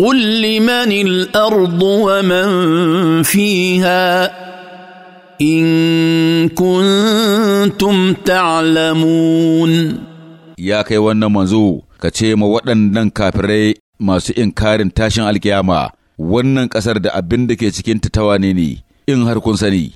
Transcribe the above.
قل لمن الارض ومن فيها ان كنتم تعلمون يا كي wannan manzo ka ce ma waɗannan kafirai masu inkarin tashin alkiyama wannan ƙasar da abin da ke cikin tawane ne in har kun sani